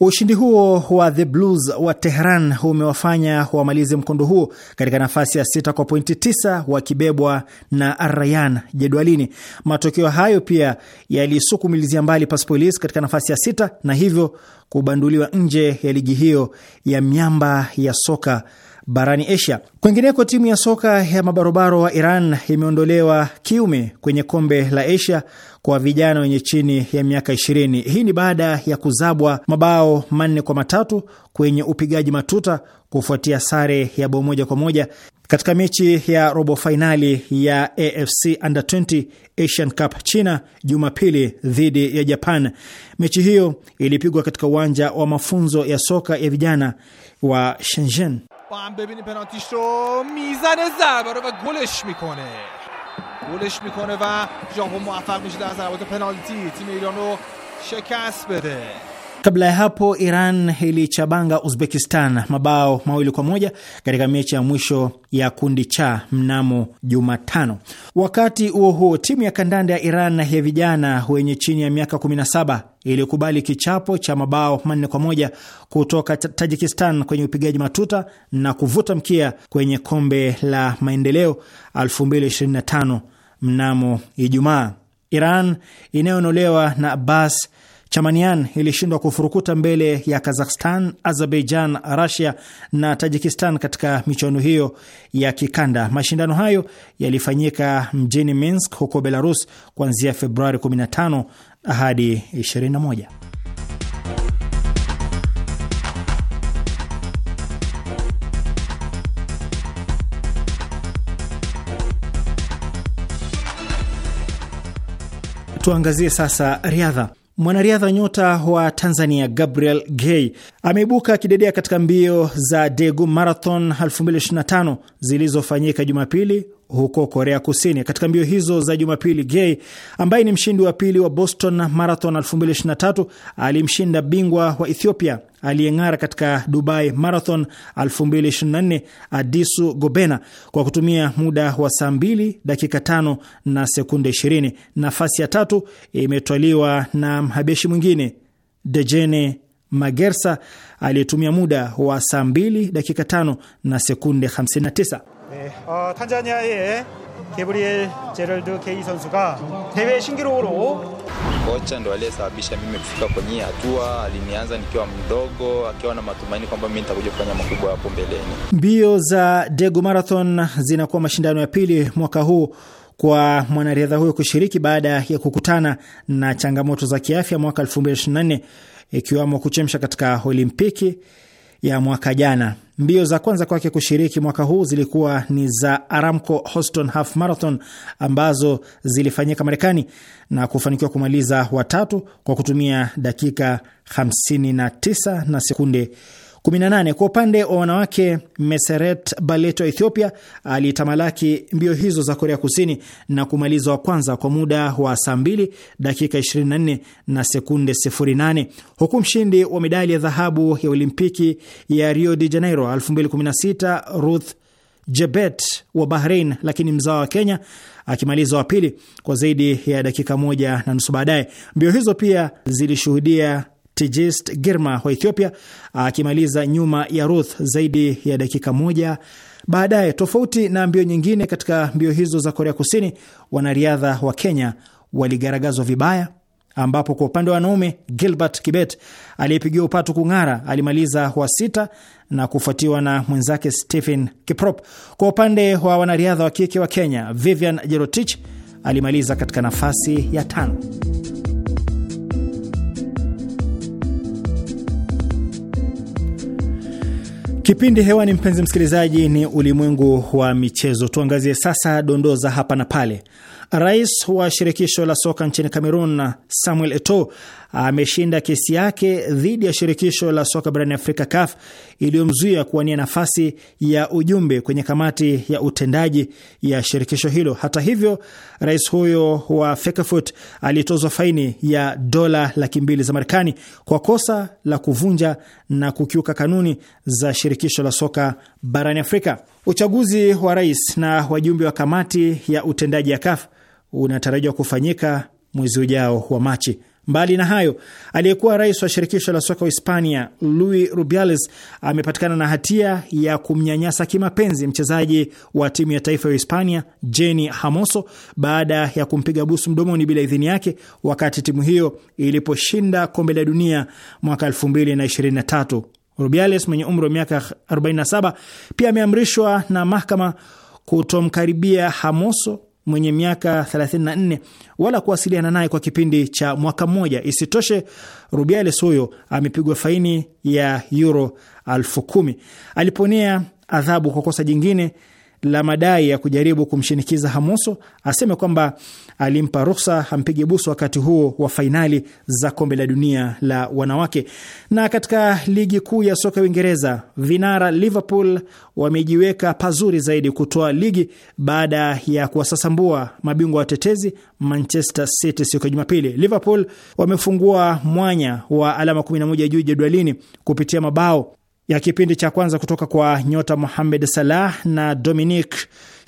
Ushindi huo wa The Blues wa Tehran umewafanya wamalize mkondo huo katika nafasi ya sita kwa pointi tisa wakibebwa na arayan jedwalini. Matokeo hayo pia yalisukumilizia mbali Persepolis katika nafasi ya sita na hivyo kubanduliwa nje ya ligi hiyo ya miamba ya soka barani Asia. Kwengineko, timu ya soka ya mabarobaro wa Iran imeondolewa kiume kwenye kombe la Asia kwa vijana wenye chini ya miaka 20. Hii ni baada ya kuzabwa mabao manne kwa matatu kwenye upigaji matuta kufuatia sare ya bao moja kwa moja katika mechi ya robo fainali ya AFC Under 20 Asian Cup China Jumapili dhidi ya Japan. Mechi hiyo ilipigwa katika uwanja wa mafunzo ya soka ya vijana wa Shenzhen. با هم ببینیم پنالتیش رو میزنه ضربه آره و گلش میکنه گلش میکنه و ژاپن موفق میشه در ضربات پنالتی تیم ایران رو شکست بده Kabla ya hapo Iran ilichabanga Uzbekistan mabao mawili kwa moja katika mechi ya mwisho ya kundi cha mnamo Jumatano. Wakati huo huo, timu ya kandanda ya Iran ya vijana wenye chini ya miaka 17 ilikubali kichapo cha mabao manne kwa moja kutoka Tajikistan kwenye upigaji matuta na kuvuta mkia kwenye kombe la maendeleo 2025 mnamo Ijumaa. Iran inayoonolewa na Abbas Chamanian ilishindwa kufurukuta mbele ya Kazakhstan, Azerbaijan, Russia na Tajikistan katika michuano hiyo ya kikanda. Mashindano hayo yalifanyika mjini Minsk huko Belarus kuanzia Februari 15 hadi 21. Tuangazie sasa riadha. Mwanariadha nyota wa Tanzania Gabriel Gay ameibuka kidedea katika mbio za Daegu Marathon 2025 zilizofanyika Jumapili huko Korea Kusini. Katika mbio hizo za Jumapili, Gay ambaye ni mshindi wa pili wa Boston Marathon 2023 alimshinda bingwa wa Ethiopia aliyeng'ara katika Dubai Marathon 2024 Adisu Gobena kwa kutumia muda wa saa 2 dakika 5 na sekunde 20. Nafasi ya tatu imetwaliwa na mhabeshi mwingine Dejene Magersa aliyetumia muda wa saa 2 dakika 5 na sekunde 59. 네, 어, 탄자니아의 게브리엘 제럴드 게이 선수가 대회 신기록으로 Kocha ndo aliyesababisha mimi kufika kwenye hatua. Alinianza nikiwa mdogo, akiwa na matumaini kwamba mimi nitakuja kufanya makubwa hapo mbeleni. Mbio za Degu Marathon zinakuwa mashindano ya pili mwaka huu kwa mwanariadha huyo kushiriki baada ya kukutana na changamoto za kiafya mwaka 2024 ikiwemo kuchemsha katika Olimpiki ya mwaka jana. Mbio za kwanza kwake kushiriki mwaka huu zilikuwa ni za Aramco Houston Half Marathon ambazo zilifanyika Marekani na kufanikiwa kumaliza watatu kwa kutumia dakika 59 na sekunde 18. Kwa upande wa wanawake, Meseret Baleto wa Ethiopia alitamalaki mbio hizo za Korea Kusini na kumaliza wa kwanza kwa muda wa saa 2 dakika 24 na sekunde 08, huku mshindi wa medali ya dhahabu ya Olimpiki ya Rio de Janeiro 2016 Ruth Jebet wa Bahrain, lakini mzao wa Kenya akimaliza wa pili kwa zaidi ya dakika moja na nusu baadaye. Mbio hizo pia zilishuhudia Tigist Girma wa Ethiopia akimaliza nyuma ya Ruth zaidi ya dakika moja baadaye. Tofauti na mbio nyingine katika mbio hizo za Korea Kusini, wanariadha wa Kenya waligaragazwa vibaya, ambapo kwa upande wa wanaume Gilbert Kibet aliyepigiwa upatu kung'ara alimaliza wa sita na kufuatiwa na mwenzake Stephen Kiprop. Kwa upande wa wanariadha wa kike wa Kenya, Vivian Jerotich alimaliza katika nafasi ya tano. Kipindi hewani, mpenzi msikilizaji, ni ulimwengu wa michezo. Tuangazie sasa dondoo za hapa na pale. Rais wa shirikisho la soka nchini Cameroon Samuel Eto'o ameshinda kesi yake dhidi ya shirikisho la soka barani Afrika, CAF, iliyomzuia kuwania nafasi ya ujumbe kwenye kamati ya utendaji ya shirikisho hilo. Hata hivyo, rais huyo wa Fecafoot alitozwa faini ya dola laki mbili za Marekani kwa kosa la kuvunja na kukiuka kanuni za shirikisho la soka barani Afrika. Uchaguzi wa rais na wajumbe wa kamati ya utendaji ya CAF unatarajiwa kufanyika mwezi ujao wa Machi. Mbali na hayo, aliyekuwa rais wa shirikisho la soka Hispania Luis Rubiales amepatikana na hatia ya kumnyanyasa kimapenzi mchezaji wa timu ya taifa ya Hispania jeni Hermoso baada ya kumpiga busu mdomoni bila idhini yake wakati timu hiyo iliposhinda kombe la dunia mwaka 2023. Rubiales mwenye umri wa miaka 47 pia ameamrishwa na mahakama kutomkaribia hamoso mwenye miaka 34 wala kuwasiliana naye kwa kipindi cha mwaka mmoja. Isitoshe, Rubiales huyo amepigwa faini ya euro elfu kumi. Aliponea adhabu kwa kosa jingine la madai ya kujaribu kumshinikiza Hamoso, aseme kwamba alimpa ruhusa ampige busu wakati huo wa fainali za kombe la dunia la wanawake. Na katika ligi kuu ya soka ya Uingereza, vinara Liverpool wamejiweka pazuri zaidi kutoa ligi baada ya kuwasasambua mabingwa watetezi Manchester City siku ya Jumapili. Liverpool wamefungua mwanya wa alama 11 juu jedwalini kupitia mabao ya kipindi cha kwanza kutoka kwa nyota Mohamed Salah na Dominic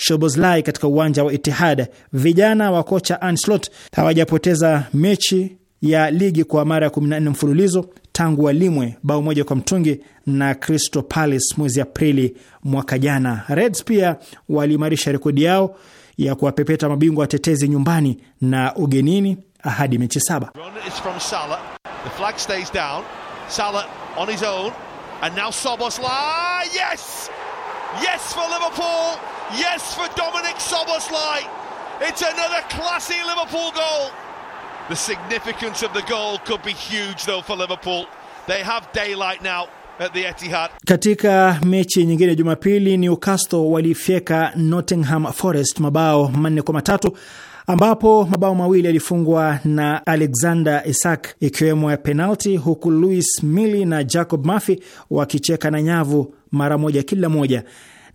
Szoboszlai katika uwanja wa Itihad. Vijana wa kocha Anslot hawajapoteza mechi ya ligi kwa mara ya 14 mfululizo tangu walimwe bao moja kwa mtungi na Crystal Palace mwezi Aprili mwaka jana. Reds pia waliimarisha rekodi yao ya kuwapepeta mabingwa watetezi nyumbani na ugenini hadi mechi saba. Yes! Yes for Liverpool. Yes for Dominic Soboslai. It's another classy Liverpool goal. The significance of the goal could be huge though for Liverpool. They have daylight now. At the Etihad. Katika mechi nyingine Jumapili, Newcastle walifyeka Nottingham Forest mabao manne kwa matatu ambapo mabao mawili yalifungwa na Alexander Isak ikiwemo ya penalti, huku Luis Mili na Jacob Murphy wakicheka na nyavu mara moja kila moja.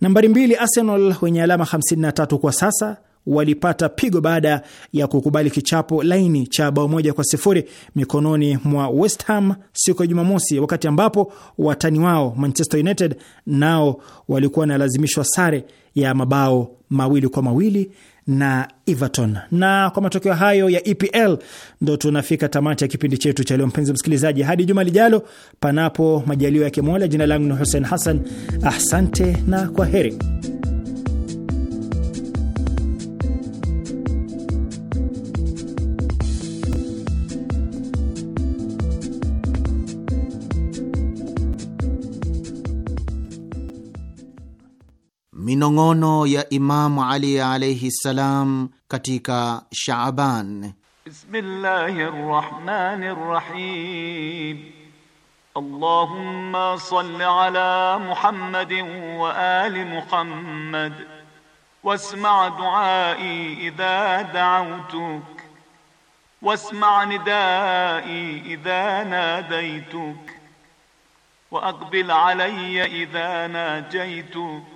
Nambari mbili, Arsenal wenye alama 53 kwa sasa walipata pigo baada ya kukubali kichapo laini cha bao moja kwa sifuri mikononi mwa West Ham siku ya Jumamosi, wakati ambapo watani wao Manchester United nao walikuwa wanalazimishwa sare ya mabao mawili kwa mawili na Everton. Na kwa matokeo hayo ya EPL ndo tunafika tamati ya kipindi chetu cha leo, mpenzi msikilizaji, hadi juma lijalo, panapo majalio yake Mola. Jina langu ni Hussein Hassan, asante na kwa heri. minong'ono ya Imamu Ali alaihi ssalam katika Shaaban. Bismillahi rahmani rahim. Allahumma salli ala Muhammadin wa ali Muhammad wasma duai idha dautuk واسمع ندائي إذا ناديتك وأقبل علي إذا ناجيتك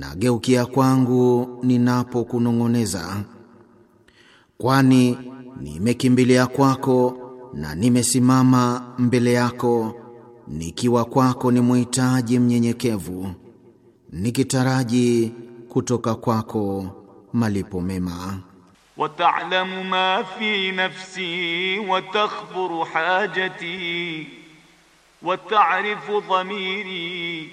na geukia kwangu ninapokunong'oneza, kwani nimekimbilia kwako na nimesimama mbele yako nikiwa kwako ni muhitaji mnyenyekevu, nikitaraji kutoka kwako malipo mema. watalamu ma fi nafsi wa takhburu hajati wa ta'rifu dhamiri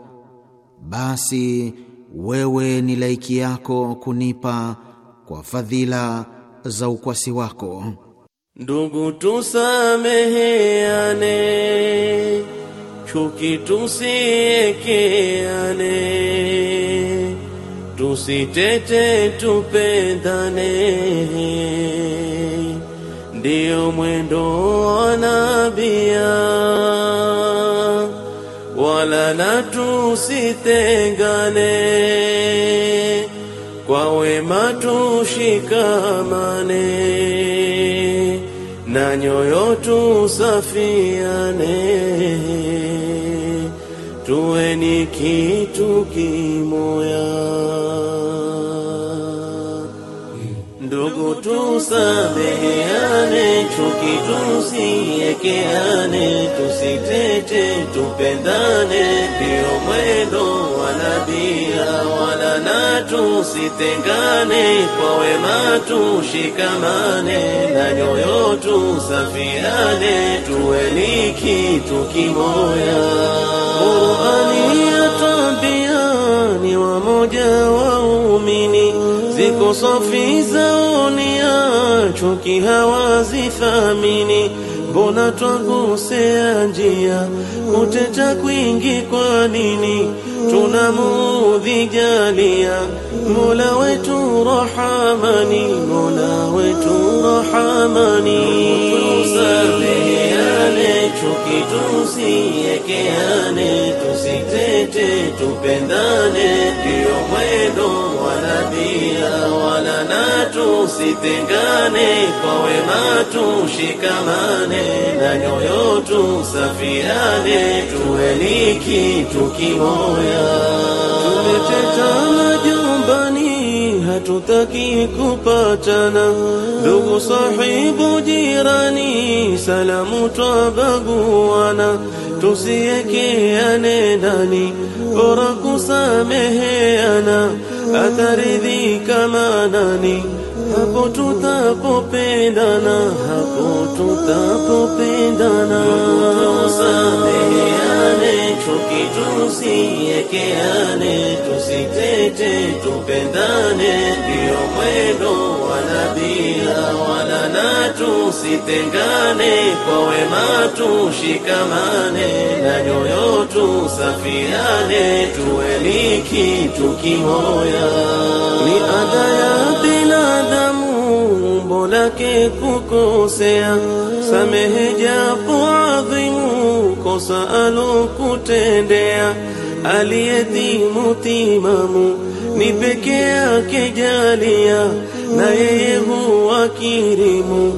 basi wewe ni laiki yako kunipa kwa fadhila za ukwasi wako. Ndugu, tusameheane, chuki tusiekeane, tusitete, tupendane, ndiyo mwendo wa nabia wala na tusitengane, kwa wema tushikamane, na nyoyo tusafiane, tuwe ni kitu kimoya. Ndugu tusameheane, chuki tusiekeane, tusitete, tupendane, ndio mwendo wa nabia wala na tusitengane, kwa wema tushikamane, na nyoyo tusafiane, tuweliki tukimoya kimoya. Qurani yatwambia ni wamoja waumini Ziko safi za hawazi hawazithamini, mbona twagusea njia, kuteta kwingi kwa nini? Tunamudhi jalia, Mola wetu rahamani, Mola wetu rahamani, tusameheane chuki, tusiekeane, tusitete, tupendane, ndio mwendo wala tusitengane, kwa wema tushikamane, na nyoyo tusafiane, tuwe ni kitu kimoya. juu تكيك باجنا لو صاحب جيراني سلام twabagwana tusiekeane ndani bora kusameheana ataridhika manani hapo tutapopendana, hapo tutapopendana, tusameheane, chuki tusiekeane, tusitete, tupendane, ndiyo mwendo wa nabia wala na tusitengane, kwa wema tushikamane, na nyoyo tusafiane, tuwe liki tukimoya ni ada ya lake kukosea, samehe japo adhimu kosa alokutendea. Aliyetimu timamu ni peke yake jalia, na yeye huwa kirimu.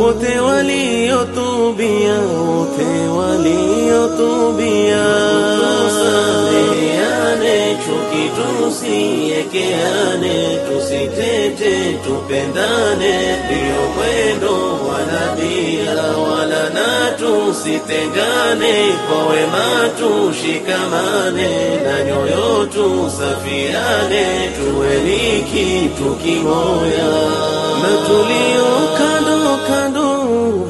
Wote waliotubia, wote waliotubia, tusaleane Tusiekeane, tusitete, tupendane, ndiyo mwendo wa nabia wala na tusitengane, kwa wema tushikamane, na nyoyo tusafiane, tuwe ni kitu kimoya na tulio kando kando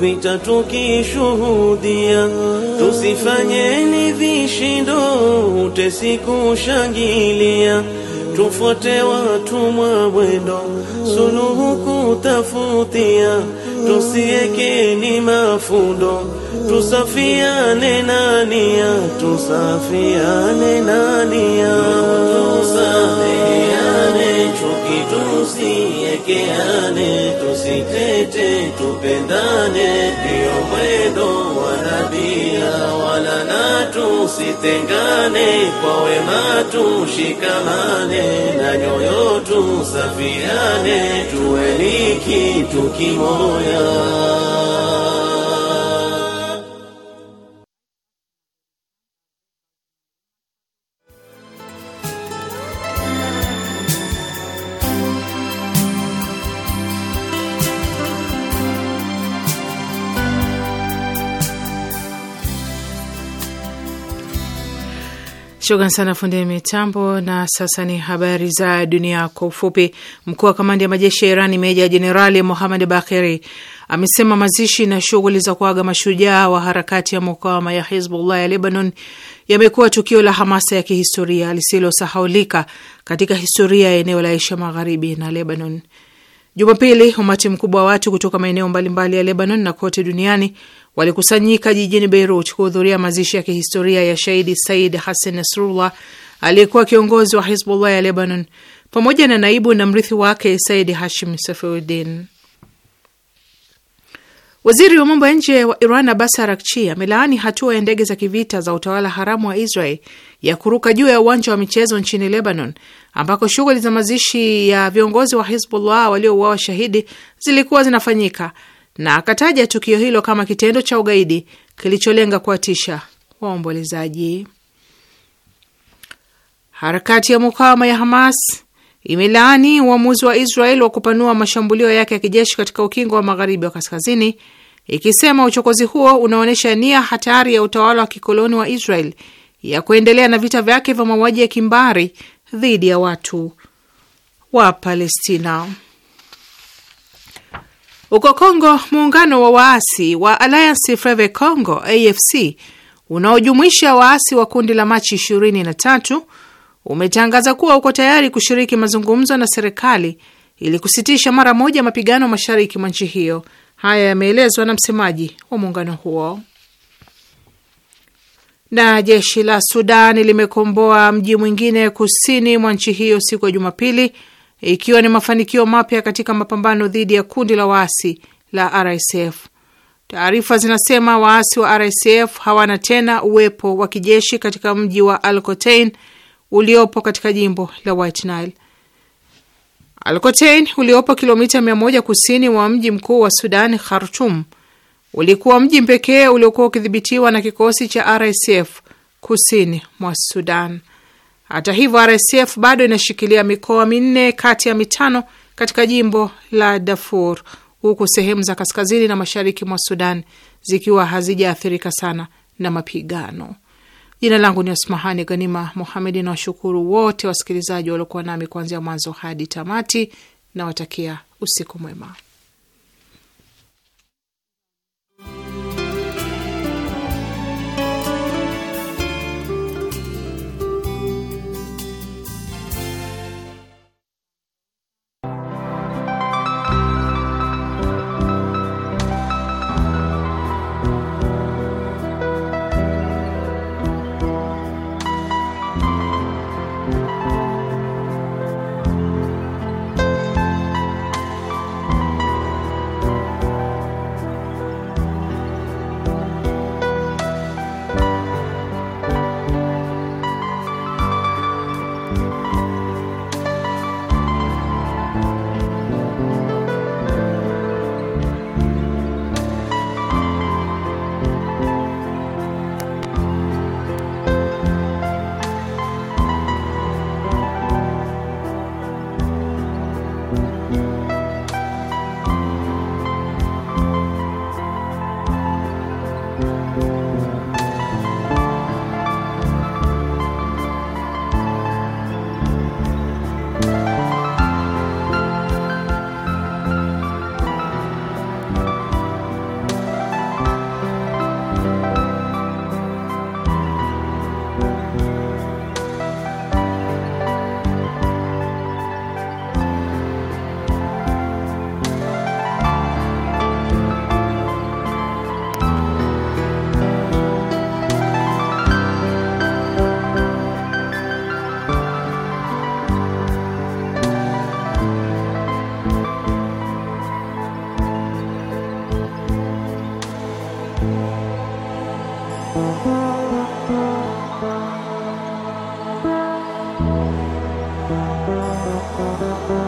vita tukishuhudia, tusifanyeni vishindo, utesi kushangilia tufuate watumwa mwendo, suluhu kutafutia, tusiekeni mafundo, tusafiane nania, tusafiane nania, tusafiane chuki tusia tusichekeane, tusitete, tupendane, ndiyo mwendo wa nabia. Wala na tusitengane, kwa wema tushikamane, na nyoyo tusafiane, tuwe ni kitu kimoya. Shukran sana fundi mitambo. Na sasa ni habari za dunia kwa ufupi. Mkuu wa kamandi ya majeshi ya Irani meja jenerali muhamad Bakeri amesema mazishi na shughuli za kuaga mashujaa wa harakati ya mukawama ya Hizbullah ya Lebanon yamekuwa tukio la hamasa ya kihistoria lisilosahaulika katika historia ya eneo la Asia Magharibi na Lebanon. Jumapili, umati mkubwa wa watu kutoka maeneo mbalimbali ya Lebanon na kote duniani walikusanyika jijini Beirut kuhudhuria mazishi ya kihistoria ya shahidi Said Hassan Nasrullah aliyekuwa kiongozi wa Hizbullah ya Lebanon pamoja na naibu na mrithi wake Said Hashim Safiuddin. Waziri wa mambo ya nje wa Iran Abbas Arakchi amelaani hatua ya ndege za kivita za utawala haramu wa Israel ya kuruka juu ya uwanja wa michezo nchini Lebanon, ambako shughuli za mazishi ya viongozi wa Hizbullah waliouawa shahidi zilikuwa zinafanyika na akataja tukio hilo kama kitendo cha ugaidi kilicholenga kuwatisha waombolezaji. Harakati ya mukawama ya Hamas imelaani uamuzi wa Israel wa kupanua mashambulio yake ya kijeshi katika ukingo wa magharibi wa kaskazini, ikisema uchokozi huo unaonyesha nia hatari ya utawala wa kikoloni wa Israel ya kuendelea na vita vyake vya mauaji ya kimbari dhidi ya watu wa Palestina. Huko Kongo, muungano wa waasi wa Alliance Freve Congo AFC unaojumuisha waasi wa kundi la Machi 23 umetangaza kuwa uko tayari kushiriki mazungumzo na serikali ili kusitisha mara moja mapigano mashariki mwa nchi hiyo. Haya yameelezwa na msemaji wa muungano huo. Na jeshi la Sudani limekomboa mji mwingine kusini mwa nchi hiyo siku ya Jumapili ikiwa ni mafanikio mapya katika mapambano dhidi ya kundi la waasi la RSF. Taarifa zinasema waasi wa RSF hawana tena uwepo wa kijeshi katika mji wa Alcotein uliopo katika jimbo la White Nile. Alcotein uliopo kilomita 100 kusini mwa mji mkuu wa Sudan, khartum ulikuwa mji pekee uliokuwa ukidhibitiwa na kikosi cha RSF kusini mwa Sudan. Hata hivyo, RSF bado inashikilia mikoa minne kati ya mitano katika jimbo la Darfur, huku sehemu za kaskazini na mashariki mwa Sudan zikiwa hazijaathirika sana na mapigano. Jina langu ni Asmahani Ghanima Muhamedi, na washukuru wote wasikilizaji waliokuwa nami kuanzia mwanzo hadi tamati, na watakia usiku mwema. thank you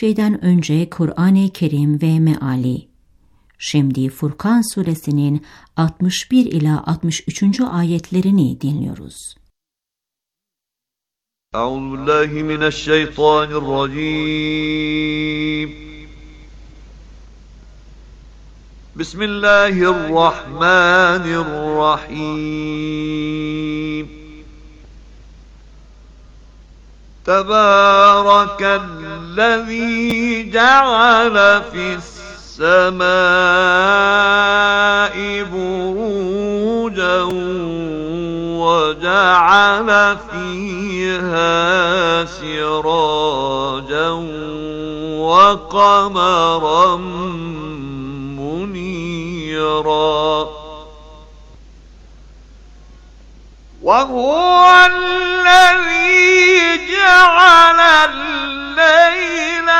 şeyden önce Kur'an-ı Kerim ve meali. Şimdi Furkan suresinin 61 ila 63. ayetlerini dinliyoruz. Euzubillahimineşşeytanirracim. Bismillahirrahmanirrahim. تبارك الذي جعل في السماء بروجا وجعل فيها سراجا وقمرا منيرا وهو الذي جعل الليل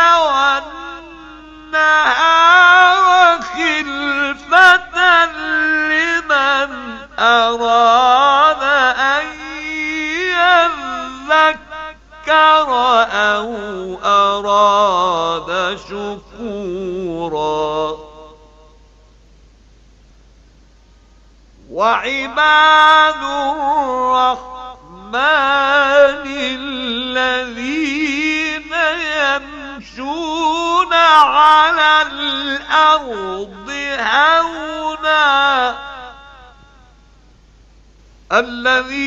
والنهار خلفة لمن أراد أن يذكر أو أراد شكورا وعباد الرحمن الرحمن الذين يمشون على الأرض هونا الذين